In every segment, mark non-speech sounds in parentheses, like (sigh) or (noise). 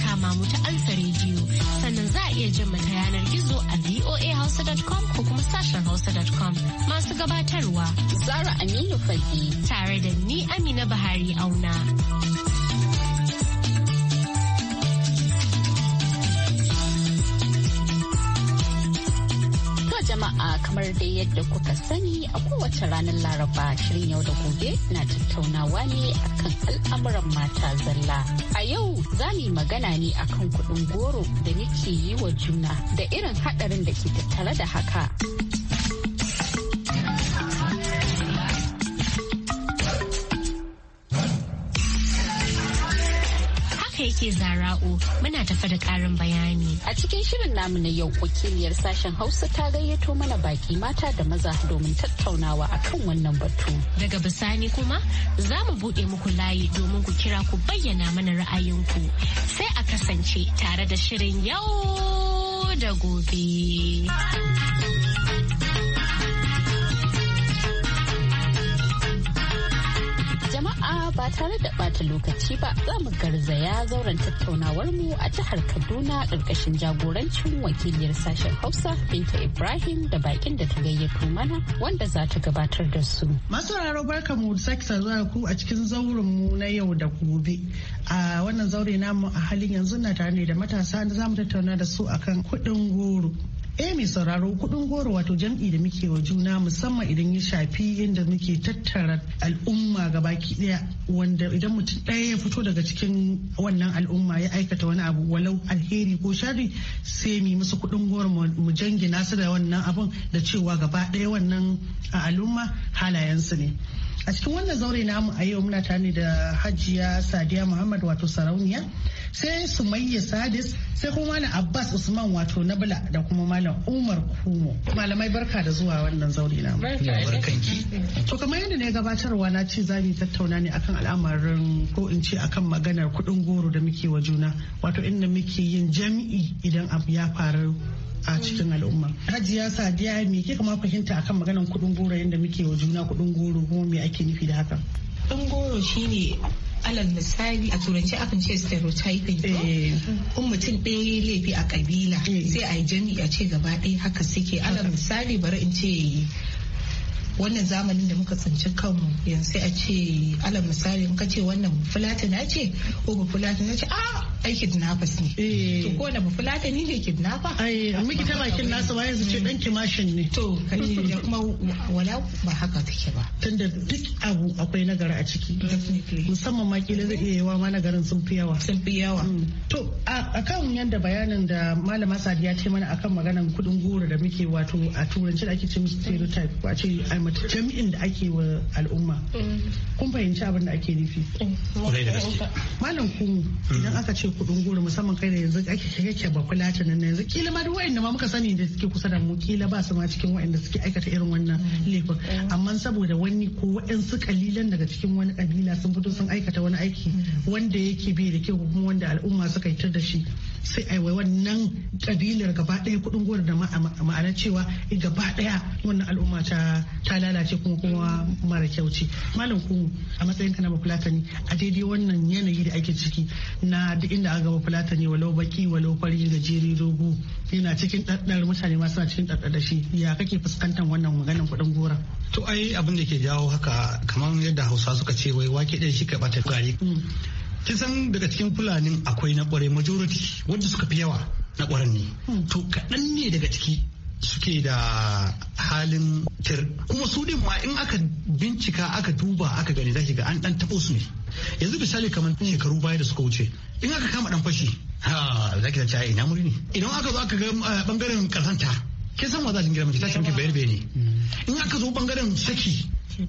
kama mu ta alfa rediyo sannan za a iya jin mu ta yanar gizo a voahausa.com ko kuma sashen hausa.com masu gabatarwa zara aminu fadi tare da ni amina bahari auna. jama'a kamar dai yadda kuka sani a kowace ranar laraba shirin yau da gobe na tattaunawa ne akan al'amuran mata zalla. A yau za mu yi magana ne akan kuɗin goro da yake yi wa juna da irin haɗarin da ke tattare da haka. ke zara'u muna tafa da karin bayani. A cikin shirin namu na yau wakiliyar sashen Hausa ta gayyato mana baki mata da maza domin tattaunawa akan wannan batu. Daga bisani kuma za mu buɗe muku layi domin ku kira ku bayyana mana ra'ayinku sai a kasance tare da shirin yau da gobe. jama'a ba tare da bata lokaci ba za mu garzaya zauren tattaunawar mu a jihar kaduna ƙarƙashin jagorancin wakiliyar sashen hausa binta ibrahim da bakin da ta gayyato mana wanda za ta gabatar da su masu raro barka mu sake zuwa ku a cikin zauren mu na yau da gobe a wannan zaure namu a halin yanzu na tare da matasa da za mu tattauna da su akan kuɗin goro eh sauraro kudin goro wato jam'i da muke wa juna musamman idan ya shafi inda muke tattara al'umma gabaki daya wanda idan mutum ɗaya ya fito daga cikin wannan al'umma ya aikata wani abu walau alheri ko shari sai mu musu kudin goro mu jangina su da wannan abun da cewa gaba daya wannan al'umma halayensu ne a cikin wannan zaure namu a yau muna tare da hajiya sadiya muhammad wato sarauniya sai sumayya sadis sai kuma malam abbas usman wato nabila da kuma malam umar kumo malamai barka da zuwa wannan zaure namu to kamar yadda na gabatarwa na ce za mu tattauna ne akan al'amarin ko in ce akan maganar kuɗin goro da muke wa juna wato inda muke yin jami'i idan abu ya faru a cikin al'umma. Hajiya Sadiya me kika ma fahimta akan maganar kudin goro yadda muke wa juna kudin goro kuma me ake nufi da hakan? Kudin goro shine alal misali a turanci akan ce stereotyping ko eh. in mutum ɗaya laifi a kabila eh. sai a yi jami'a ce gaba ɗaya haka suke alal misali bari in ce wannan zamanin da muka tsinci kanmu yanzu sai a ce alal misali muka ce wannan na ce ko ba na ce a ah, ai kidnappers ne eh. to ko na ba fulatani ne kidnapper ai miki ta bakin nasu ba yanzu ce dan kimashin ne to kai da kuma wala ba haka take ba tunda duk abu akwai nagari a ciki musamman ma kila zai yawa ma nagarin sun fi yawa sun fi yawa mm. to akan yanda bayanin da malama sadiya ta mana akan maganan kudin goro da muke wato a turanci da ake ce stereotype ko a ce mace jami'in da ake wa al'umma kun fahimci abin da ake nufi malam ku idan aka ce kudin goro musamman kai da yanzu ake kake ba kula ta nan yanzu kila ma duk wa'anda ma muka sani da suke kusa da mu kila ba su ma cikin wa'anda suke aikata irin wannan laifin amma saboda wani ko wa'ansu kalilan daga cikin wani kabila sun fito sun aikata wani aiki wanda yake bai da kyau kuma wanda al'umma suka yi ta da shi sai a wannan kabilar gaba ɗaya kudin gwar da ma'ana cewa gaba ɗaya wannan al'umma ta lalace kuma kuma mara kyauci malam ku a matsayin ka na bafulatani a daidai wannan yanayi da ake ciki na duk inda aka gaba fulatani walau baki walau fari jeri dogo yana cikin ɗaɗɗar mutane ma suna cikin ɗaɗɗar da shi ya kake fuskantar wannan maganar kudin gora. to ai abin da ke jawo haka kamar yadda hausa suka ce wai wake ɗaya shi ka ɓata gari mm. kisan daga cikin fulanin akwai na kware majority wanda suka fi yawa na kwaran ne hmm. to kaɗan ne daga ciki suke da halin tir kuma su ma in aka bincika aka duba aka gani zaki ga an dan tabo su ne yanzu misali kamar shekaru baya da suka wuce in aka kama dan fashi ha zaki da cewa ina muri ne idan aka zo aka ga bangaren eh, kazanta kin san wa za a ta ce bayar ne hmm. in aka zo bangaren saki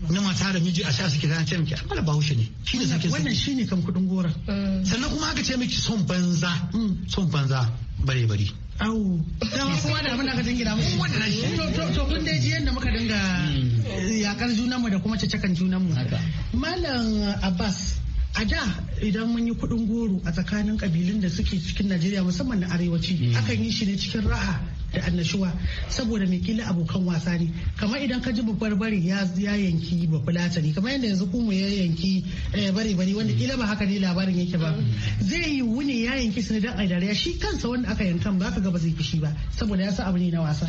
na mata da miji a sha suke zana ce miki amma da bahaushe ne ne sake wannan shine kam kudin gora sannan kuma aka ce miki son banza hmm. son banza bare bare Awo, dama kuma da abin da aka dingira mu. Wanda na shi. To kun dai ji yanda muka dinga hmm. yakar junanmu da kuma cacakan junanmu. Malam Abbas, a da idan mun yi kudin goro a tsakanin kabilun da suke cikin najeriya musamman na arewaci hmm. akan yi shi ne cikin raha da annashuwa saboda mai kila abokan wasa ne kamar idan ka ji babbar bari ya yanki ba ne kamar yadda yanzu kuma ya yanki bare eh, bare wanda kila ba haka ne labarin yake ba zai yi wuni ya yanki su ne dan dariya shi kansa wanda aka yankan ba ka ga ba zai fishi ba saboda ya sa abu ne na wasa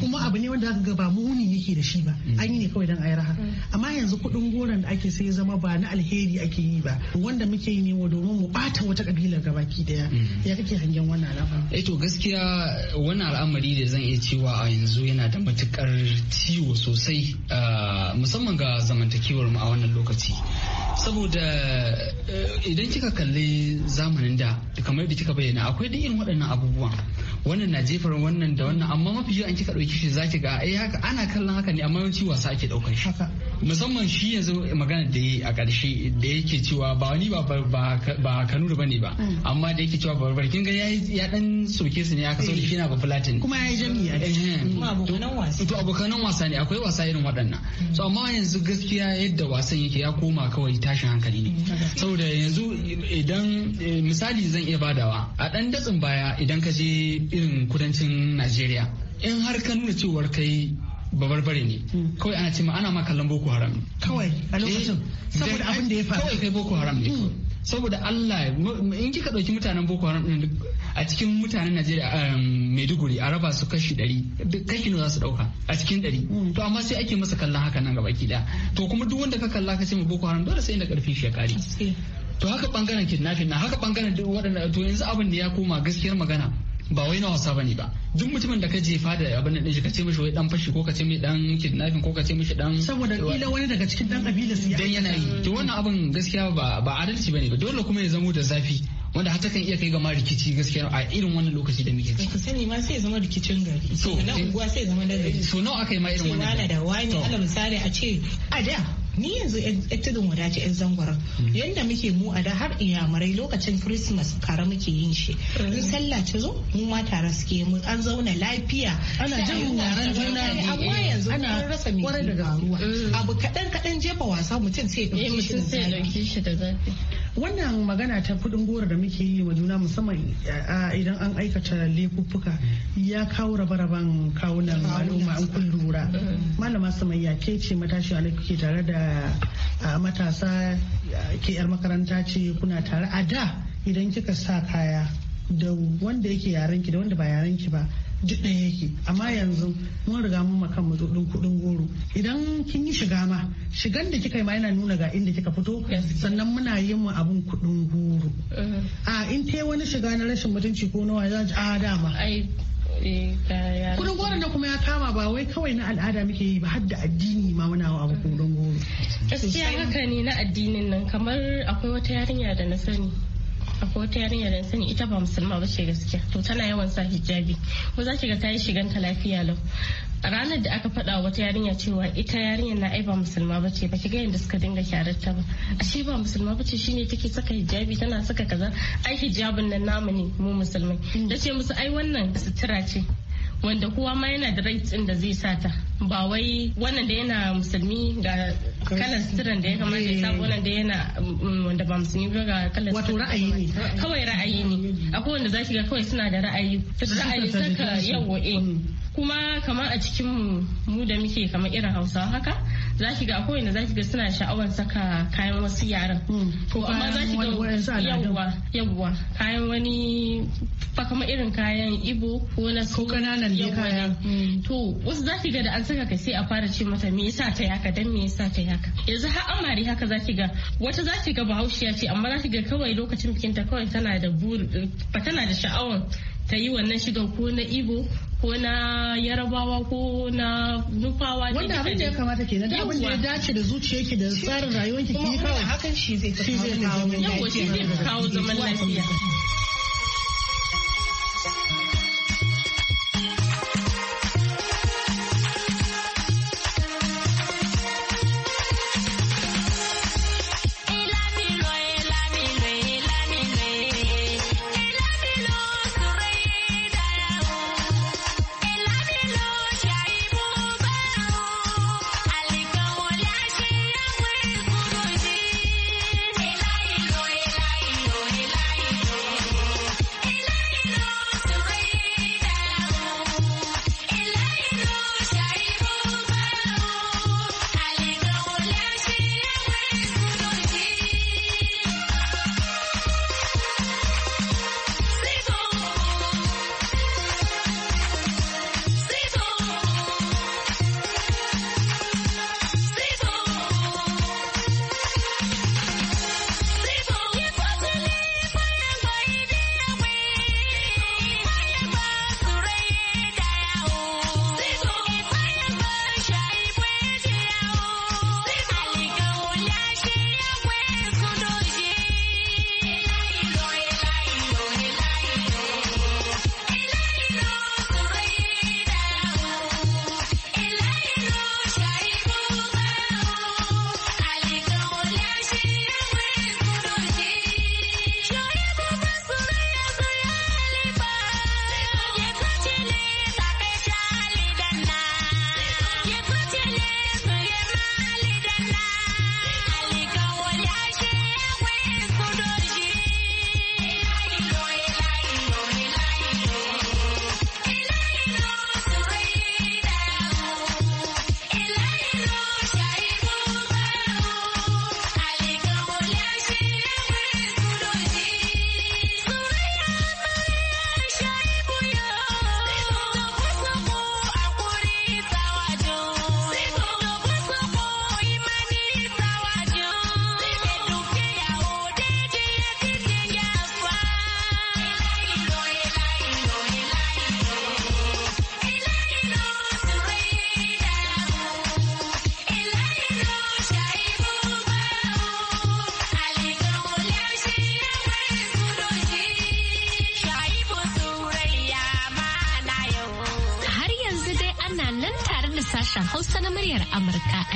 kuma abu ne wanda aka ga ba mu wuni yake da shi ba mm. an yi ne kawai dan ayi raha mm. amma yanzu kuɗin goron da ake sai zama ba na alheri ake yi ba wanda muke yi ne domin mu bata wata kabilar gabaki daya mm. ya kake hangen wannan alama. eh gaskiya wannan al'amari da zan iya cewa a yanzu yana da matukar ciwo sosai musamman ga zamantakewar mu a wannan lokaci saboda e, idan kika kalli zamanin da kamar da kika bayyana akwai da irin waɗannan abubuwan wannan na jefar wannan da wannan amma mafi an kika ɗauki shi zaki ga ai haka ana kallon haka ne amma yawanci wasa ake ɗaukar shi musamman shi yanzu magana da yi a ƙarshe da yake cewa ba wani ba ba da bane ba mm. amma da yake cewa barbar kin ga ya dan soke su ne aka kasance shi na ba platin kuma ya yi jami'a eh, eh. wasa to abokanan wasa ne akwai wasa irin waɗannan mm. so amma yanzu gaskiya yadda wasan yake ya koma kawai tashin hankali ne mm, saboda yanzu idan eh, misali zan iya badawa a dan datsin baya idan ka je irin kudancin Najeriya in har ka nuna cewar kai babarbare ne hmm. kawai ana cewa ana ma kallon boko haram ne kawai a eh, lokacin saboda abin da ya faru kawai kai boko haram ne hmm. saboda Allah in kika dauki mutanen boko haram din a cikin mutanen Najeriya um, Maiduguri a raba su kashi 100 kashi ne za su dauka a cikin 100 hmm. to amma sai ake masa kallon haka nan gaba kida to kuma duk wanda ka kalla ka ce ma boko haram dole sai inda karfi shi ya kare to haka bangaren kidnapping na haka bangaren duk waɗanda to yanzu abin da ya koma gaskiyar magana ba wai na wasa bane ba duk mutumin da ka jefa da abin nan ka ce mishi wai dan fashi ko ka ce mai dan kidnapping ko ka ce mishi dan saboda kila wani daga cikin dan kabilar su dan yana yi to wannan abin gaskiya ba ba adalci bane ba dole kuma ya zamo da zafi wanda hata kan iya kai ga ma rikici gaskiya a irin wannan lokaci da muke ciki. Ka sani ma sai zama rikicin gari. So na unguwa sai zama da gari. So nawa aka yi ma irin wannan. Wala da wani ala misali a ce a da ni yanzu tudun wadace yan zangwaron mm. yadda muke mu a da har iyamurai lokacin christmas kare muke yin shi in mm. sallah ta zo mu ma tare suke mu an zauna lafiya ana jin wuraren juna amma yanzu ana rasa mai kwarai da garuwa abu kaɗan kaɗan jefa wasa mutum sai ya eh, fi shi da zafi wannan magana ta kudin goro da muke yi wa juna musamman idan an aikata laifuffuka ya kawo rabe-raben kawunan al'umma an kun lura malama samayya ke ce matashi ana kuke tare da matasa ke yar makaranta ce kuna tare a da idan kika sa kaya da wanda yake yaren ki da wanda ba yaren ki ba duk ɗaya yake amma yanzu mun riga mun makan matsudin kuɗin goro idan kin yi shiga ma shigan da kika yi ma yana nuna ga inda kika fito sannan muna yin mu abun kuɗin goro uh-huh. a in te wani shiga na rashin mutunci ko nawa za a dama eh, kudin goro na kuma ya kama ba wai kawai na al'ada muke yi ba har da addini ma muna abu kudin goro gaskiya haka ne na addinin nan kamar akwai wata yarinya da na sani akwai wata yarinya da sani ita ba musulma ba ce gaskiya to tana yawan sa hijabi ko za ki ga ta yi shigan ta lafiya lau ranar da aka faɗa wata yarinya cewa ita yarinyar na ai ba musulma ba ce ba ki ga yadda suka dinga kyararta ba ashe ba musulma ba ce shine take saka hijabi tana saka kaza ai hijabin nan namu ne mu musulmai da ce musu ai wannan sutura ce wanda kowa ma yana da rights din da zai sata ba wai wannan da yana musulmi ga kalar sitiran da ya kamata ya sa wannan da yana mm, wanda ba musulmi ba ga kalar wato ra'ayi ne kawai ra'ayi ne akwai wanda zaki ga kawai suna da ra'ayi ra'ayi saka yawa eh kuma kamar a cikin mu da muke kamar irin hausawa haka za ki ga kowane za ki ga suna sha'awar saka kayan wasu yaran ko hmm. amma za ki ga yawwa yawwa kayan wani fa kama irin kayan ibo ko na ko kananan kayan hmm. to wasu za ki ga da an saka ka sai a fara ce mata me yasa ta yaka dan me yasa ta yaka yanzu har amare haka za ki ga wata za ki ga bahaushiya ce amma za ki ga kawai lokacin bikin ta kawai tana da buri tana da sha'awar ta yi wannan shigan ko na ibo ko na yarabawa ko na nufawa wanda abin da ya kamata kenan da abin da ya dace da zuciyarki da tsarin rayuwar ki kawai hakan shi zai kawo zaman lafiya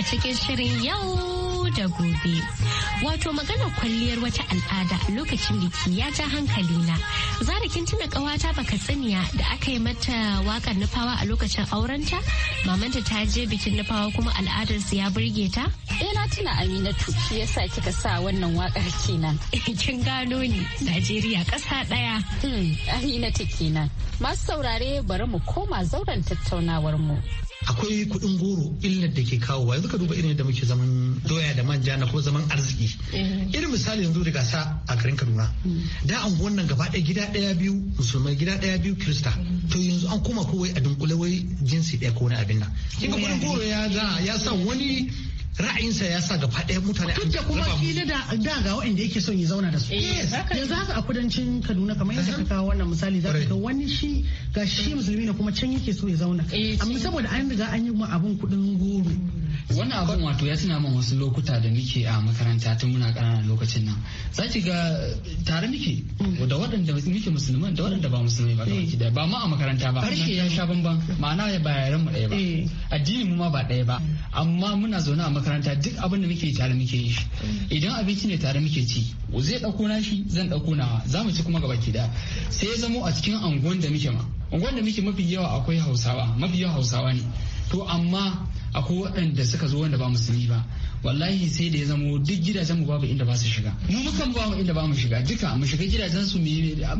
cikin shirin yau da gobe. Wato magana kwalliyar wata al'ada lokacin biki ya ja hankali na Zara kin tuna kawata baka tsiniya da aka yi mata wakar nufawa a lokacin aurenta? Mamanta ta je bikin nufawa kuma al'adar su ya burge ta? Eh na tuna Aminatu shi yasa kika sa wannan wakar kenan. (laughs) Eh, kin gano ni Najeriya ƙasa ɗaya. Hmm, Aminatu kenan. Masu saurare bari mu koma zauren tattaunawar mu. akwai kuɗin goro illar da ke kawowa yanzu ka duba irin da muke zaman doya da manja na ko zaman arziki eh. irin misali yanzu da sa a garin kaduna hmm. da an wannan gaba ɗaya gida ɗaya biyu musulmai gida ɗaya biyu kirista hmm. to yanzu an koma kowai a dunkule wai jinsi ɗaya ko wani abin nan kin kudin goro ya za ya sa wani ra'ayinsa ya sa ga ɗaya mutane duk da kuma kila da da ga wanda yake son ya zauna da su eh, yanzu haka a kudancin Kaduna kamar yadda ka kawo wannan misali za wani shi ga shi musulmi ne kuma can yake so ya zauna eh, amma saboda an riga an yi abun kuɗin goro wannan abun wato ya tuna min wasu lokuta da muke a makaranta tun muna ƙananan lokacin nan za ki ga tare muke mm. da waɗanda muke musulman da waɗanda ba musulmai ba da eh. ba ma a makaranta ba harshe ya sha bamban ma'ana ya ba yaran mu ɗaya ba eh. addinin mu ma ba ɗaya ba mm. amma muna zaune a makaranta duk abin da muke tare muke yi mm. idan abinci ne tare muke ci zai ɗauko na shi zan ɗauko nawa za mu ci kuma gaba ki da sai ya zamo a cikin anguwan da muke ma anguwan da muke mafi yawa akwai hausawa mafi yawa hausawa ne to amma akwai waɗanda suka zo wanda ba musulmi ba wallahi sai da ya zama duk gidajen mu babu inda ba su shiga mu muka ba inda ba mu shiga duka mu shiga gidajen su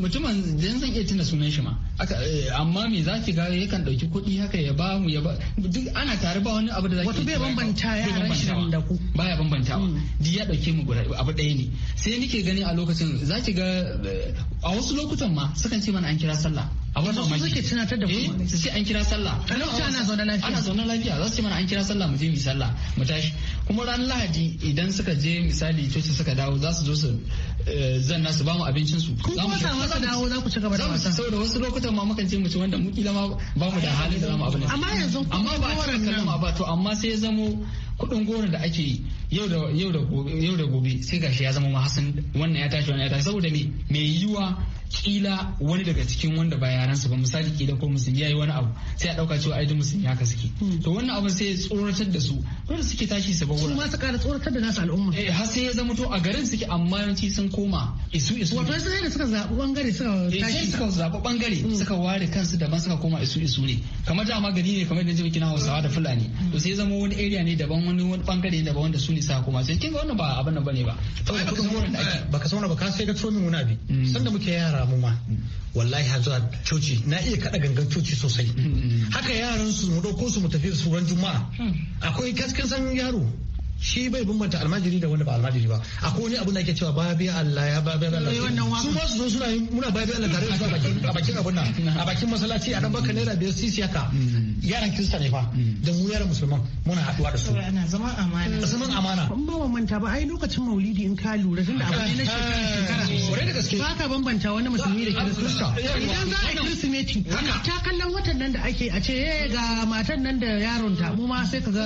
mutumin dan zan iya tuna sunan shi ma eh, amma me za ki ga yakan dauki kuɗi haka ya ba mu ya ba duk ana tare ba wani abu da zaki wato bai bambanta ran shi da ku baya bambantawa hmm. duk ya dauke mu abu ɗaya ne sai nike gani a lokacin za ki ga eh, a wasu lokutan ma sukan ce mana an kira sallah a Wasu maki suke tunatar da ku eh, su ce an kira sallah a lokacin ana zaune lafiya ana zaune lafiya za su ce mana an kira sallah mu je mu sallah mu tashi kuma ran lahadi idan suka je misali coci suka dawo za su zo su eh, zanna su bamu abincin su ku kuma sa wasa dawo za ku ci gaba da wasa saboda wasu lokutan ma mukan ce mu ci wanda mu kila ma ba mu da halin da za mu abu ne. amma yanzu amma ba a cikin kalama ba to amma sai ya zamo kudin goro da ake yau da gobe yau da gobe sai gashi ya zama ma hasan wannan ya tashi wannan ya tashi saboda me me yiwa kila wani daga cikin wanda ba yaran su ba misali kila ko musulmi yayi wani abu sai a dauka cewa ai duk musulmi haka suke hmm. to wannan abu sai tsoratar da su wanda suke tashi su bagura su ma su kara tsoratar da nasu al'umma eh har sai ya zama to a garin suke amma yanci sun koma isu isu wato eh, sai da suka zabi bangare suka tashi suka zabi bangare hmm. suka ware kansu daban suka koma isu isu ne kamar da ma gari ne kamar da jin kina Hausawa da Fulani hmm. to sai ya zama wani area ne daban wani wani bangare daban wanda su ne suka koma sai kinga wannan ba abin nan bane ba baka san wannan ba ka sai ga tromin wani abi sanda muke yara yara mu ma wallahi har zuwa coci na iya kada gangan coci sosai mm-hmm. haka yaran su mu dauko su mu tafi su ran juma'a hmm. akwai kaskan san yaro shi bai bambanta almajiri da wanda ba almajiri ba akwai wani abu da ake cewa babi Allah ya babi Allah su ma su zo suna yin muna babi Allah tare da su a bakin abun nan a bakin masallaci a dan baka naira biyar sisi haka mm. yaran kirista ne fa mm. da mu yaran musulman muna haduwa da su zaman amana zaman amana ban ba wa manta ba ai lokacin maulidi in ka lura tunda abu ne na shekara da gaske ba ka bambanta wani musulmi da kirista idan za a yi kirsimeti ta kallon watan nan da ake a ce ga matan nan da yaron ta mu ma sai ka ga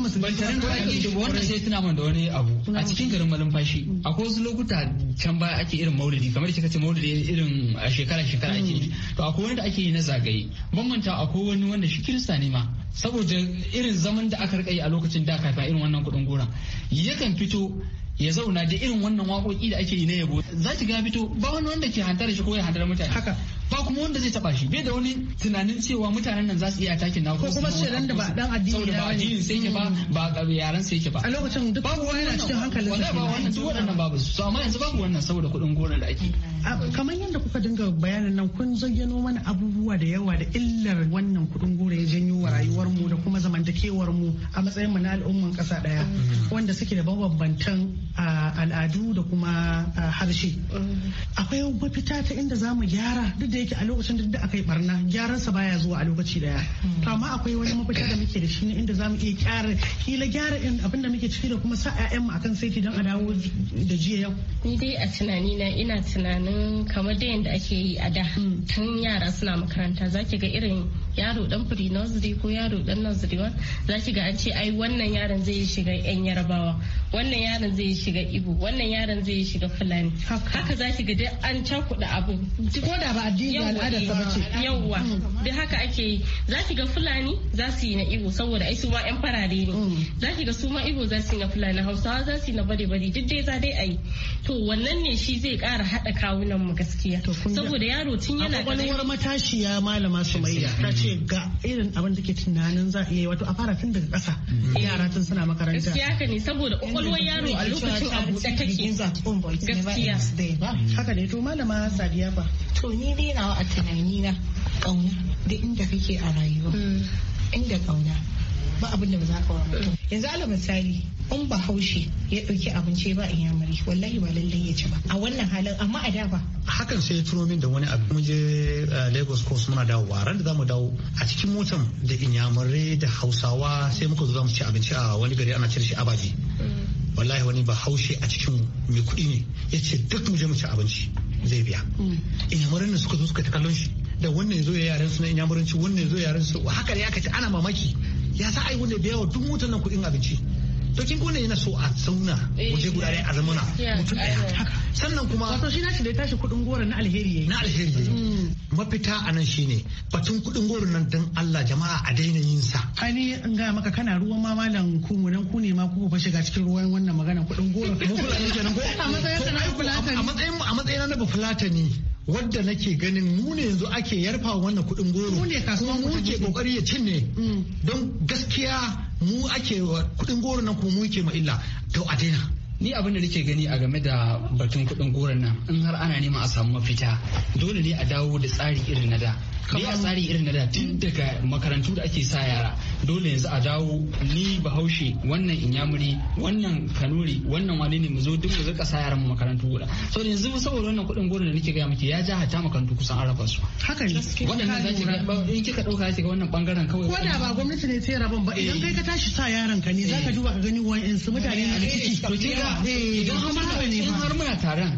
musulmi wannan sai tuna man da wani abu a cikin garin malumfashi akwai wasu lokuta can baya ake irin maulidi kamar kika ce maulidi irin a shekara shekara ake hmm. to akwai wanda ake yi na zagaye bambanta akwai wani wanda shi kirista ne ma saboda irin zaman da aka rika yi a lokacin da kafa irin wannan kudin gora yakan fito ya zauna da irin wannan waƙoƙi da ake yi na yabo za ki ga fito ba wani wanda ke hantar shi ko ya hantar mutane haka ba kuma wanda zai taba shi bai da wani tunanin cewa mutanen nan za su iya takin na ko kuma su da ba dan hmm. addini ba addini sai ke ba ba yaran sai ke ba a lokacin duk babu wani yana cikin hankalin sa ba wannan duk waɗannan babu su so amma yanzu babu wannan saboda kuɗin gona da ake kamar yadda kuka dinga bayanin nan kun zayyano mana abubuwa da yawa da illar wannan kuɗin gora ya janyo wa rayuwar mu da kuma zamantakewar mu a matsayin mu na al'umman ƙasa ɗaya hmm. wanda suke da mabambantan al'adu da kuma harshe hmm. akwai mafita ta inda za mu gyara duk da yake a lokacin da aka yi barna gyaran sa baya zuwa a lokaci daya to hmm. amma akwai wani mafita da muke da shi ne inda zamu iya kyara kila gyara abin abinda muke ciki da kuma sa ƴaƴan mu akan saiti don a dawo da jiya yau ni dai a tunani na ina tunanin kamar da yanda ake yi a da hmm. tun yara suna makaranta zaki ga irin yaro dan pre nursery ko yaro dan nursery wa zaki ga an ce ai wannan yaron zai shiga yan yarbawa wannan yaron zai shiga ibo wannan yaron zai shiga fulani haka zaki ga dai an cakuɗa abu ko da ba addini addini ba al'adarsa yawwa mm. da haka ake yi za ki ga fulani za su yi na igbo saboda ai su ma yan farare ne mm. za ki ga su ma igbo za su yi na fulani hausawa za su yi na bade bade duk dai za dai a to wannan ne shi zai kara hada kawunan mu gaskiya saboda yaro tun yana da wani matashiya malama sumayya ta ce ga irin abin da ke tunanin za a iya wato a fara tun daga kasa. Mm-hmm. yara tun suna makaranta gaskiya ka ne saboda kwakwalwar yaro a lokacin abu da take gaskiya mm-hmm. haka ne to malama sadiya ba to ni dai faɗawa a na kauna da inda kake a rayuwa mm. inda kauna ba abin da ba za ka wa mutum yanzu ala misali in ba haushi ya ɗauki abinci ba in yamari wallahi ba lallai ya ci ba a wannan halin amma a da ba hakan sai ya turo min da wani abu mun je eh, Lagos coast muna dawowa ran da za mu dawo a cikin motan da inyamurai da Hausawa sai muka zo zamu ci abinci a wani gari ana cire shi abaji mm. wallahi wani ba haushi a cikin mai kuɗi ne ya ce duk mu je mu ci abinci zai biya mm. yamurin da suka zo suka ta kallon shi da wannan ya zo ya yaren su na inyamuranci wannan ya zo yaren su haka ne aka ci ana mamaki ya sa ai wanda biya yawa duk mutan nan kuɗin abinci to kin kone yana so a sauna eh. waje guda ɗaya a zamana mutum ɗaya sannan kuma wato shi na shi da ya tashi kuɗin goro na alheri yayi na alheri yayi mm. mafita a nan shine batun kudin goro nan don Allah jama'a a daina yin sa. Hali in ga maka kana ruwan ma malam ku mu ku ne ma ku ba shiga cikin ruwan wannan magana Kudin goro. ko. A matsayin na ne. A matsayin a matsayin na ne. wadda nake ganin mu ne yanzu ake yarfa wannan kudin goro Mu ne kasuwa mu ke kokari ya cinne mm. don gaskiya mu ake kudin goro nan kuma mu ke ma illa to a daina ni abin da nake gani a game da batun kuɗin goron nan in har ana neman a samu mafita dole ne a dawo da tsari irin na da kamar a tsari irin na da tun daga makarantu da ake sa yara dole yanzu a dawo ni bahaushe wannan inyamuri wannan kanuri wannan wani ne mu zo duk mu zaka sa yaran mu makarantu guda so yanzu saboda wannan kuɗin goro da nake gaya miki ya ja hata makarantu kusan an raba su haka ne waɗannan zaki ga in kika ɗauka zaki ga wannan bangaren kawai ko da ba gwamnati ne sai rabon ba idan kai ka tashi sa yaran ka ne zaka eh. duba ka gani wani su mutane ne kici to kin ga eh, idan har muna taron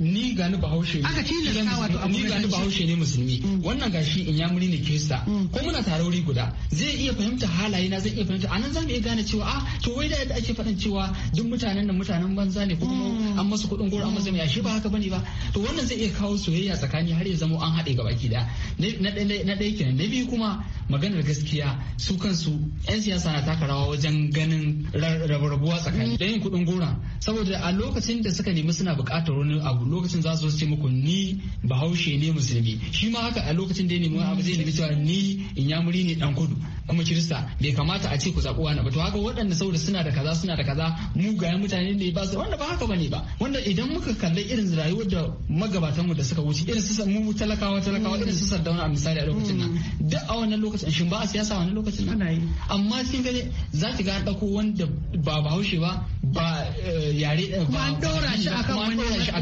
ni gani bahaushe ne aka tilasta wato ni gani bahaushe ne musulmi mm. wannan ga shi in muni ne kirista mm. ko muna tare guda zai iya fahimta halaye na zai iya fahimta anan zamu iya gane cewa ah to wai da yadda ake faɗin cewa duk mutanen nan mutanen banza ne ko kuma mm. an masu kuɗin gora an masu mai shi ba haka bane ba to wannan zai iya kawo soyayya tsakani har ya zama an haɗe ga baki da na ɗaya kenan na biyu kuma maganar gaskiya su kansu 'yan siyasa na taka rawa wajen ganin rabuwa tsakani mm. da yin kuɗin gora saboda a lokacin da suka nemi suna buƙatar wani abu lokacin za su ce muku ni bahaushe ne musulmi shi ma haka a lokacin mutum dai nemi abu zai nemi cewa ni in ya muri ne dan kudu kuma kirista bai kamata a ce ku zaɓi wani ba to haka waɗanda saboda suna da kaza suna da kaza mu mugayen mutane ne ba su wanda ba haka bane ba wanda idan muka kalli irin rayuwar da magabatanmu da suka wuce irin su mu talakawa talakawa irin su sardauna a misali a lokacin nan mm. duk a wannan lokacin shin ba a siyasa wannan lokacin nan amma sun gane za ki ga an ɗauko wanda ba bahaushe ba ba eh, yare ba an dora shi akan wani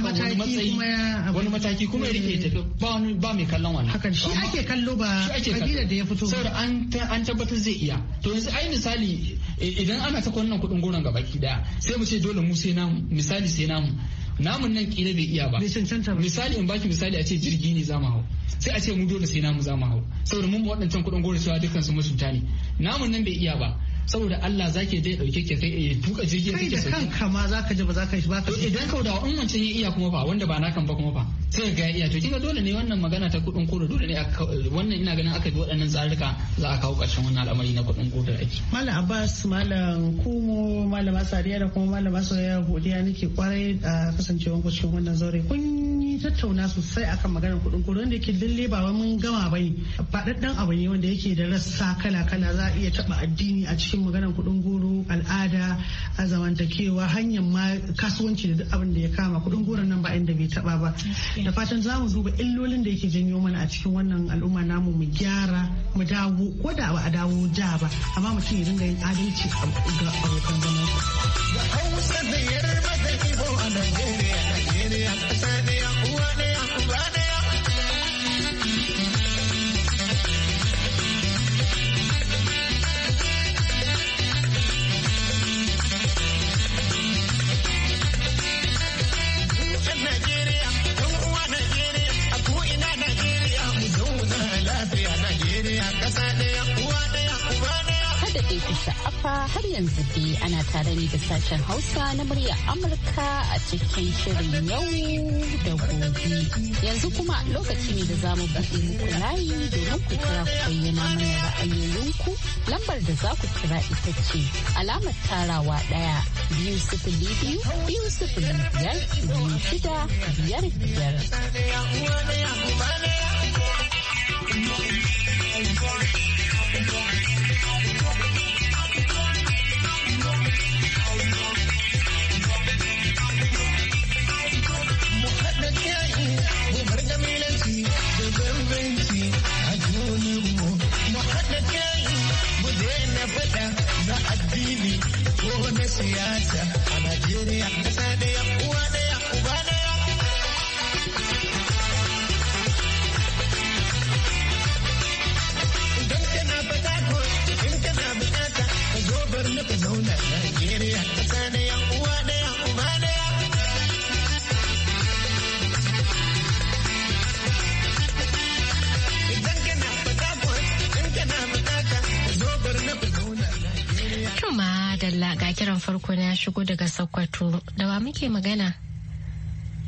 matsayi wani mataki kuma ya rike tafi ba wani ba mai kallon wani. hakan shi ake kallo ba kabila da ya fito saboda an an tabbatar zai iya to yanzu ai misali idan ana ta wannan kudin goron ga baki daya sai mu ce dole mu sai namu misali sai namu namun nan kila bai iya ba misali in baki misali a ce jirgi ne za mu hau sai a ce mu dole sai namu za mu hau saboda mun waɗancan kuɗin goron cewa dukkan su mutunta ne namun nan bai iya ba saboda Allah zake dai dauke ki kai ya eh, tuka jirgi kai da kanka ma zaka ji ba zaka shi baka idan kauda in wancan ya iya kuma ba wanda ba kan ba kuma ba sai ga iya to kinga dole ne wannan magana ta kudin koro dole ne wannan ina ganin aka bi waɗannan tsarika za a kawo ƙarshen wannan al'amari na kudin koro da ake malam Abbas malam Kumo Malam Sadiya da kuma Malam Soyayya godiya nake kwarai a kasancewan ku cikin wannan zaure kun mun tattauna sosai akan maganar kuɗin goro wanda yake lalle ba mun gama ba ne faɗaɗɗen abu ne wanda yake da rassa kala-kala za a iya taɓa addini a cikin maganar kuɗin goro al'ada a zamantakewa hanyar ma kasuwanci da duk abin da ya kama kuɗin goro nan ba inda bai taɓa ba da fatan za mu duba illolin da yake janyo mana a cikin wannan al'umma namu mu gyara mu dawo ko da ba a dawo ja ba amma mutum ya dinga yin adalci ga abokan zaman. Da Hausa da Yarba da Ibo a Najeriya. sha'afa har yanzu dai ana tare ne da sashen Hausa na murya Amurka a cikin shirin yau da gobe. Yanzu kuma lokaci ne da zamu mu buɗe muku layi domin ku kira ku bayyana mana ra'ayoyinku. Lambar da za ku kira ita ce alamar tarawa ɗaya biyu sifili biyu biyu sifili biyar biyu shida biyar biyar. Thank you. To, da wa muke magana?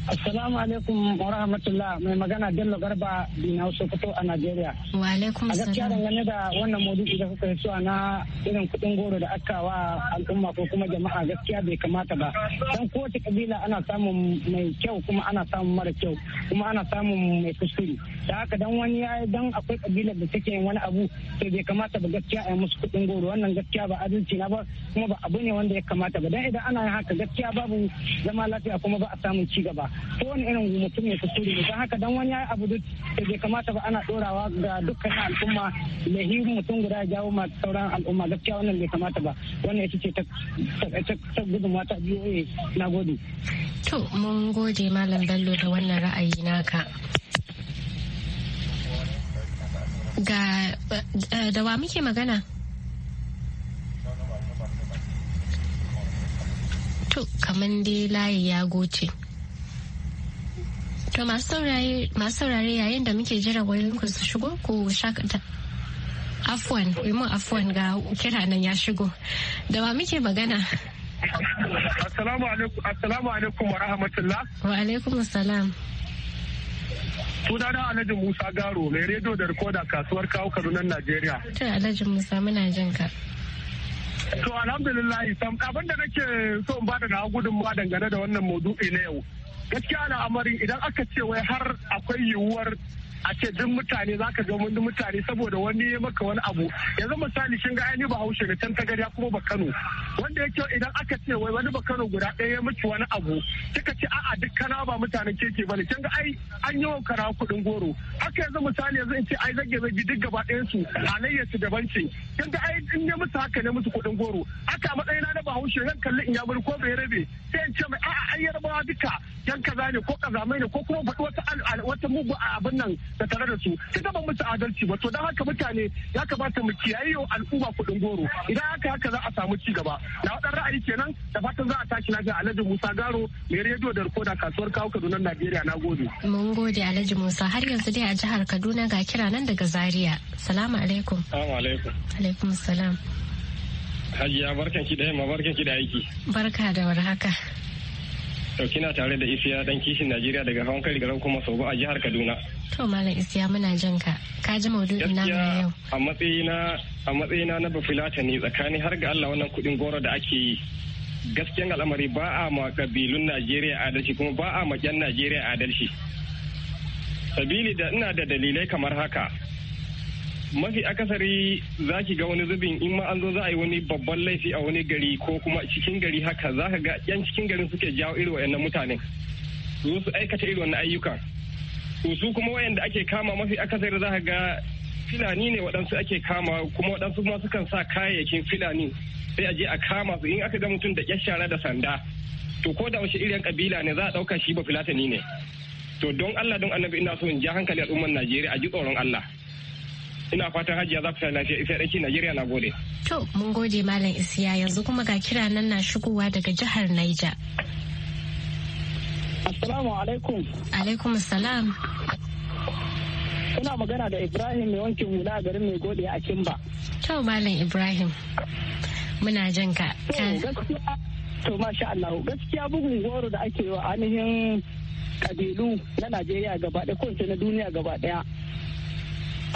Assalamu alaikum wa rahmatullah mai magana Bello Garba Dina Sokoto a Najeriya. Wa alaikum salam. A gaskiya dangane da wannan maudu'i da kuka cewa na irin kuɗin goro da aka wa al'umma ko kuma jama'a gaskiya bai kamata ba. Dan kowace kabila ana samun mai kyau kuma ana samun mara kyau kuma ana samun mai kuskure. Da haka dan wani ya dan akwai kabila da take yin wani abu sai bai kamata ba gaskiya a yi musu kuɗin goro wannan gaskiya ba adalci na ba kuma ba abu ne wanda ya kamata ba dan idan ana yin haka gaskiya babu zama lafiya kuma ba a samun ci gaba. ko wani irin mutum ya kuskure ne don haka dan wani ya abu da bai kamata ba ana dorawa ga dukkan al'umma lahi mutum guda ya jawo masu sauran al'umma gaskiya wannan bai kamata ba wannan ita ce ta gudunmawa biyu BOA na gode. To mun gode Malam Bello da wannan ra'ayi naka. Ga da wa muke magana? To kamar dai layi ya goce. To masu saurare yayin da muke jiran wayoyinku su shigo ku shakata. Afwan, mun afwan ga kira nan ya shigo. Da ba muke magana? Assalamu alaikum wa rahmatullah. Wa alaikum salam. Sunana Alhaji Musa Garo, mai rediyo da rikoda kasuwar kawo Kadunan Najeriya. To Alhaji Musa muna jin ka. To alhamdulillah, abinda da nake so in bada na gudunmawa dangane da wannan maudu'i na yau. gaskiya al'amari idan aka ce wai har akwai yiwuwar a ce duk mutane za ka ga duk mutane saboda wani ya maka wani abu yanzu misali shin ga ainihin ba haushe ne can ta gari kuma ba kano wanda ya kyau idan aka ce wai wani ba kano guda ɗaya ya mutu wani abu kika ce a'a duk kana ba mutanen keke bane can ga ai an kara kuɗin goro haka yanzu misali yanzu in ce ai zage zage duk gaba ɗayan su halayyar su daban ce can ga ai in ya musu haka ne musu kuɗin goro haka a matsayina na bahaushe zan kalli in ya bari ko bai rabe sai in ce mai a'a ai yarbawa duka yan kaza ne ko kaza mai ne ko kuma faɗi wata mugu mugu abin nan tare da su sai zama musu adalci ba to don haka mutane ya kamata mu kiyaye yau al'umma kuɗin goro idan haka haka za a samu ci gaba na wadan ra'ayi kenan da fatan za a tashi na ga Alhaji Musa Garo mai rediyo da rikoda kasuwar kawo Kaduna Najeriya na gode mun gode Alhaji Musa har yanzu dai a jihar Kaduna ga kira nan daga Zaria salamu alaikum salamu alaikum alaikum salam Hajiya barkan da yamma barkan da aiki barka da warhaka kina tare da Isiya dan kishin Najeriya daga hawan kari garin kuma Sobo a jihar Kaduna. To Malam Isiya muna jin ka. Ka ji maudu'in na yau. A matsayina a matsayina na bafilata ne tsakani har ga Allah wannan kudin goro da ake yi. Gaskiyan al'amari ba a ma kabilun Najeriya adalci kuma ba a ma Najeriya adalci. Sabili da ina da dalilai kamar haka. mafi akasari za ki ga wani zubin in ma an zo za a yi wani babban laifi a wani gari ko kuma cikin gari haka za ka ga yan cikin garin suke jawo irin wayannan mutanen su su aikata irin wannan ayyuka to su kuma wayanda ake kama mafi akasari za ka ga filani ne waɗansu ake kama kuma waɗansu ma sukan sa kayayyakin filani sai a je a kama su in aka ga mutum da ƙyar shara da sanda to ko da wasu irin kabila ne za a ɗauka shi ba filatani ne to don Allah don annabi ina so in ja hankali al'ummar Najeriya a ji tsoron Allah ina fatan hajiya za ku sa lafiya isa ɗaki najeriya na gode to mun gode malam isiya yanzu kuma ga kira nan na shigowa daga jihar naija assalamu alaikum alaikum salam ina magana da ibrahim mai wankin hula a garin mai gode a kimba to malam ibrahim muna jin ka to masha Allah gaskiya bugun goro da ake wa ainihin kabilu na Najeriya gaba ɗaya ko na duniya gaba ɗaya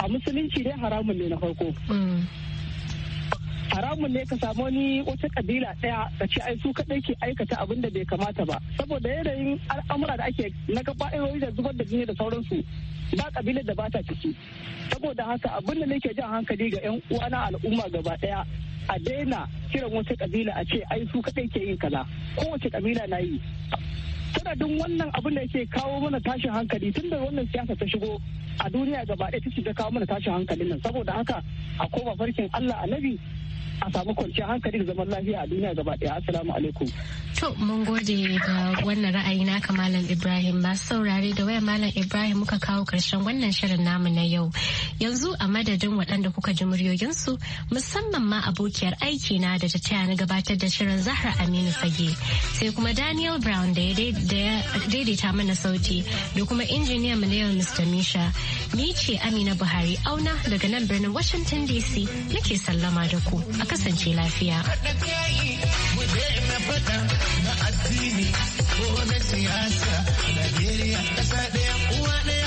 a musulunci dai haramun ne na farko mm. haramun ne ka samu wani wata kabila ɗaya ka ce ai su kaɗai ke aikata abin da bai kamata ba saboda yanayin al'amura da ake na gabaɗayoyi da zubar da jini da sauransu ba kabilar da bata ciki saboda haka abin da nake jan hankali ga yan uwana al'umma gaba ɗaya a daina kiran wata kabila a ce ai su kaɗai ke yin kaza kowace kabila na yi sanadin wannan abin da yake kawo mana tashin hankali tun da wannan siyasa ta shigo a duniya gaba ɗaya ta ce ta kawo mana tashin hankalin nan saboda haka a koma farkin Allah annabi a samu kwanciyar hankali da zaman lafiya a duniya gaba ɗaya assalamu alaikum to mun gode ga wannan ra'ayi naka malam ibrahim masu saurare da waya malam ibrahim muka kawo karshen wannan shirin namu na yau yanzu a madadin waɗanda kuka ji muryoyinsu musamman ma abokiyar aiki na da ta taya na gabatar da shirin zahra aminu fage sai kuma daniel brown da ya daidaita mana sauti da kuma injiniya mu na yau mr misha ni ce amina buhari auna daga nan birnin washington dc nake sallama da ku a kasance lafiya. na addini ko na siyasa, Najeriya ɗaya uwa ɗaya.